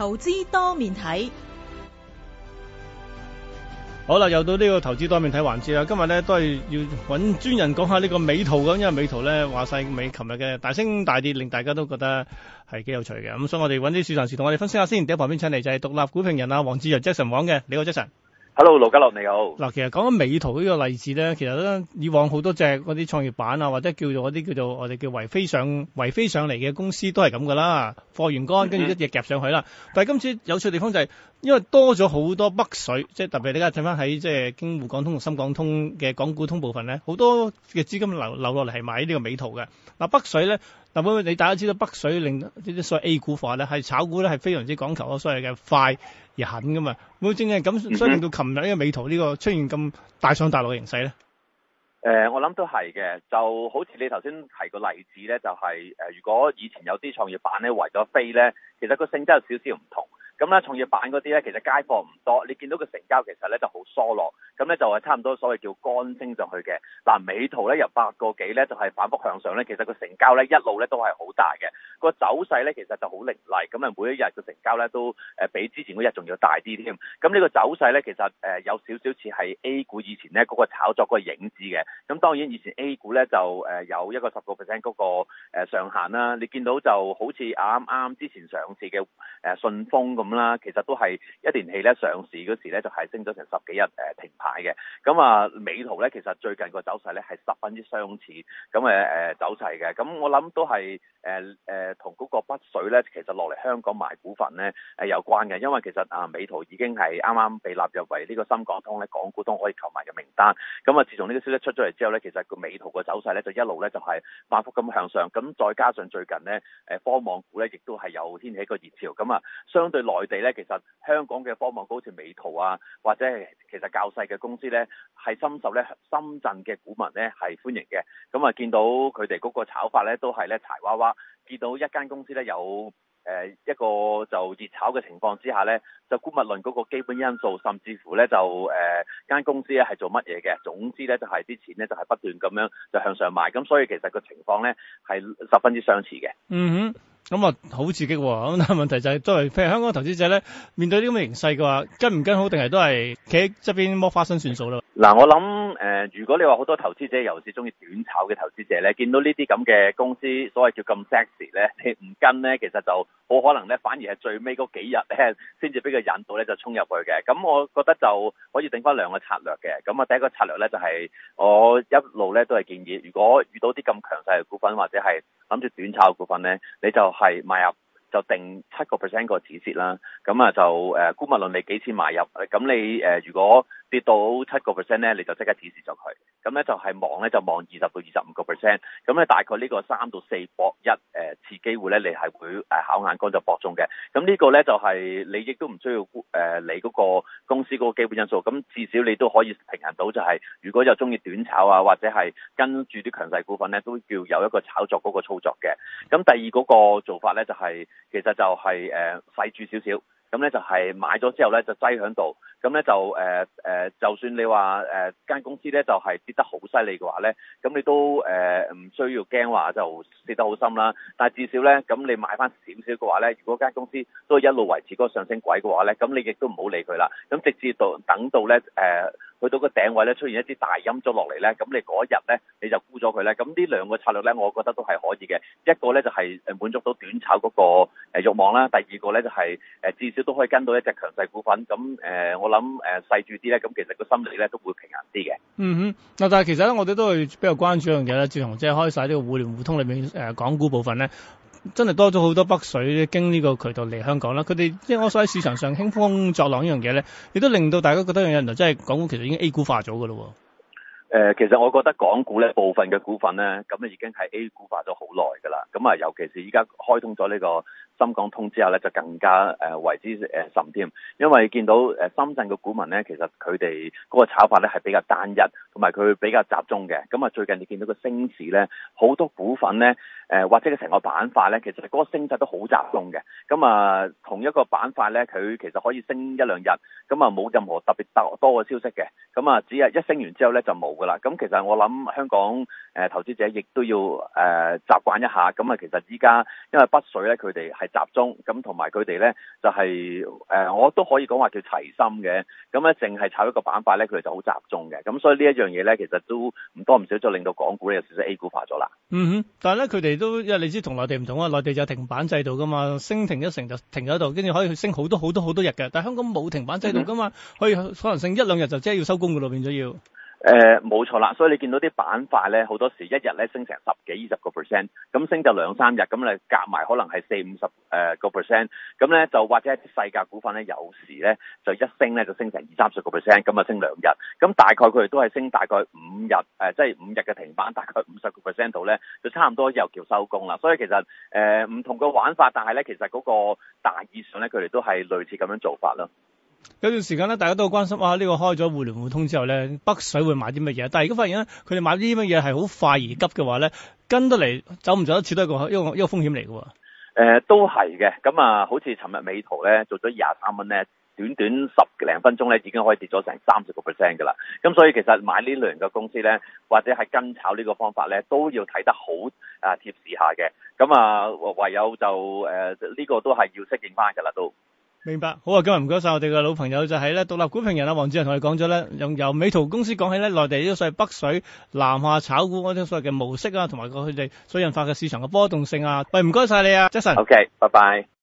投資多面睇，好啦，又到呢個投資多面睇環節啦。今日咧都係要揾專人講下呢個美圖噶，因為美圖咧話晒美，琴日嘅大升大跌令大家都覺得係幾有趣嘅。咁所以我哋揾啲市場人士同我哋分析下先。而家旁邊請嚟就係獨立股評人啊，黃志陽，Jackson 黃嘅，你好，Jackson。Hello，盧家樂，你好。嗱，其實講緊美圖呢個例子咧，其實咧以往好多隻嗰啲創業板啊，或者叫做嗰啲叫做我哋叫圍飛上圍飛上嚟嘅公司都係咁噶啦，貨源乾，跟住一隻夾上去啦。嗯嗯。但係今次有趣嘅地方就係、是，因為多咗好多北水，即係特別你家陣睇翻喺即係京滬港通同深港通嘅港股通部分咧，好多嘅資金流流落嚟係買呢個美圖嘅，嗱，北水咧。嗱，咁你大家知道北水令，呢啲所謂 A 股化咧，係炒股咧，係非常之講求所謂嘅快而狠噶嘛。咁正正咁，所以令到琴日，呢個美圖呢個出現咁大上大落嘅形勢咧。誒、呃，我諗都係嘅，就好似你頭先提個例子咧，就係、是、誒、呃，如果以前有啲創業板咧為咗飛咧，其實個性質有少少唔同。咁咧，創業板嗰啲咧，其實街貨唔多，你見到個成交其實咧就好疏落，咁咧就係差唔多所謂叫乾升上去嘅。嗱，美圖咧由八個幾咧就係、是、反覆向上咧，其實個成交咧一路咧都係好大嘅，個走勢咧其實就好凌厲，咁啊每一日嘅成交咧都誒比之前嗰日仲要大啲添。咁呢個走勢咧其實誒有少少似係 A 股以前咧嗰、嗰個炒作嗰個影子嘅。咁當然以前 A 股咧就誒有一個十個 percent 嗰個誒上限啦，你見到就好似啱啱之前上次嘅誒順豐咁。咁啦，其實都係一年期咧上市嗰時咧，就係升咗成十幾日誒停牌嘅。咁啊，美圖咧，其實最近個走勢咧係十分之相似，咁誒誒走勢嘅。咁我諗都係誒誒同嗰個北水咧，其實落嚟香港買股份咧係有關嘅，因為其實啊美圖已經係啱啱被納入為呢個深港通咧港股通可以購買嘅名單。咁啊，自從呢個消息出咗嚟之後咧，其實個美圖個走勢咧就一路咧就係反覆咁向上。咁再加上最近呢，誒科網股咧，亦都係有掀起一個熱潮。咁啊，相對內。佢哋咧，其實香港嘅科網好似美圖啊，或者係其實較細嘅公司咧，係深受咧深圳嘅股民咧係歡迎嘅。咁啊，見到佢哋嗰個炒法咧，都係咧柴娃娃。見到一間公司咧有誒一個就熱炒嘅情況之下咧，就姑勿論嗰個基本因素，甚至乎咧就誒間、呃、公司咧係做乜嘢嘅。總之咧，就係啲錢咧就係不斷咁樣就向上買。咁所以其實個情況咧係十分之相似嘅。嗯哼。咁啊，好刺激喎、哦！咁但係問題就係都係，譬如香港投資者咧，面對呢啲咁嘅形勢嘅話，跟唔跟好，定係都係企喺側邊剝花生算數咧？嗱，我諗。誒、呃。如果你話好多投資者尤其是中意短炒嘅投資者咧，見到呢啲咁嘅公司，所謂叫咁 sexy 咧，你唔跟咧，其實就好可能咧，反而係最尾嗰幾日咧，先至俾佢引到咧，就衝入去嘅。咁我覺得就可以定翻兩個策略嘅。咁、嗯、啊，第一個策略咧就係、是、我一路咧都係建議，如果遇到啲咁強勢嘅股份或者係諗住短炒嘅股份咧，你就係買入就定七個 percent 個止蝕啦。咁啊、嗯、就誒姑勿論，你幾錢買入？咁、呃、你如果跌到七個 percent 咧，你就即刻指示咗佢。咁咧就係望咧，就望二十到二十五個 percent。咁咧大概呢個三到四博一，誒、呃，次機會咧，你係會誒、呃、考眼光就搏中嘅。咁呢個咧就係、是、你亦都唔需要誒、呃、理嗰個公司嗰個基本因素。咁至少你都可以平衡到、就是，就係如果就鍾意短炒啊，或者係跟住啲強勢股份咧，都叫有一個炒作嗰個操作嘅。咁第二嗰個做法咧，就係、是、其實就係誒細注少少。呃咁咧就係買咗之後咧就擠響度，咁咧就誒誒、呃呃，就算你話誒間公司咧就係、是、跌得好犀利嘅話咧，咁你都誒唔、呃、需要驚話就跌得好深啦。但係至少咧，咁你買翻少少嘅話咧，如果間公司都一路維持嗰個上升軌嘅話咧，咁你亦都唔好理佢啦。咁直至到等到咧誒去到個頂位咧出現一啲大陰咗落嚟咧，咁你嗰日咧你就沽咗佢咧。咁呢兩個策略咧，我覺得都係可以嘅。一個咧就係、是、滿足到短炒嗰、那個。誒，慾望啦，第二個咧就係，誒至少都可以跟到一隻強勢股份。咁誒、呃，我諗誒細住啲咧，咁其實個心理咧都會平衡啲嘅。嗯哼，嗱，但係其實咧，我哋都會比較關注一樣嘢咧，志陽即係開晒呢個互聯互通裏面誒港股部分咧，真係多咗好多北水經呢個渠道嚟香港啦。佢哋即係我所喺市場上興風作浪呢樣嘢咧，亦都令到大家覺得有樣嘢就真係港股其實已經 A 股化咗嘅咯。誒、呃，其實我覺得港股咧部分嘅股份咧，咁啊已經係 A 股化咗好耐嘅啦。咁啊，尤其是依家開通咗呢、這個。深港通之後咧，就更加誒、呃、為之誒、呃、甚添，因為見到誒、呃、深圳嘅股民咧，其實佢哋嗰個炒法咧係比較單一，同埋佢比較集中嘅。咁、嗯、啊，最近你見到個升市咧，好多股份咧。誒、呃、或者佢成個板塊咧，其實嗰個升勢都好集中嘅。咁、嗯、啊，同一個板塊咧，佢其實可以升一兩日，咁啊冇任何特別多多嘅消息嘅。咁、嗯、啊，只係一升完之後咧就冇噶啦。咁、嗯、其實我諗香港誒、呃、投資者亦都要誒習慣一下。咁、嗯、啊，其實依家因為北水咧佢哋係集中，咁同埋佢哋咧就係、是、誒、呃，我都可以講話叫齊心嘅。咁咧淨係炒一個板塊咧，佢哋就好集中嘅。咁、嗯、所以這樣東西呢一樣嘢咧，其實都唔多唔少，就令到港股咧有少少 A 股化咗啦。嗯哼，但係咧佢哋。都因為你知同內地唔同啊，內地就有停板制度噶嘛，升停一成就停喺度，跟住可以去升好多好多好多日嘅，但係香港冇停板制度噶嘛，可以可能升一兩日就即係要收工噶咯，變咗要。誒，冇錯啦，所以你見到啲板塊咧，好多時一日咧升成十幾二十個 percent，咁升就兩三日，咁你夾埋可能係四五十誒個 percent，咁咧就或者啲細價股份咧，有時咧就一升咧就升成二三十個 percent，咁啊升兩日，咁大概佢哋都係升大概五日誒，即、呃、係、就是、五日嘅停板，大概五十個 percent 度咧，就差唔多又叫收工啦。所以其實誒唔、呃、同嘅玩法，但係咧其實嗰個大意上咧，佢哋都係類似咁樣做法咯。有段時間咧，大家都好關心啊！呢、呢個開咗互聯互通之後咧，北水會買啲乜嘢？但係如果發現咧，佢哋買啲乜嘢係好快而急嘅話咧，跟得嚟，走唔走得切都係一個一個一個風險嚟嘅。誒、呃，都係嘅。咁啊，好似尋日美圖咧，做咗廿三蚊咧，短短十零分鐘咧，已經可以跌咗成三十個 percent 嘅啦。咁所以其實買呢類型嘅公司咧，或者係跟炒呢個方法咧，都要睇得好啊貼市下嘅。咁啊，唯有就誒呢、呃呢個都係要適應翻嘅啦，都。明白，好啊！今日唔該晒我哋嘅老朋友，就係咧獨立股評人啊，黃志陽同你講咗咧，由由美圖公司講起咧，內地呢個所謂北水南下炒股嗰種所謂嘅模式啊，同埋佢哋所引發嘅市場嘅波動性啊，喂，唔該晒你啊，Jason，OK，拜拜。Jackson okay, bye bye.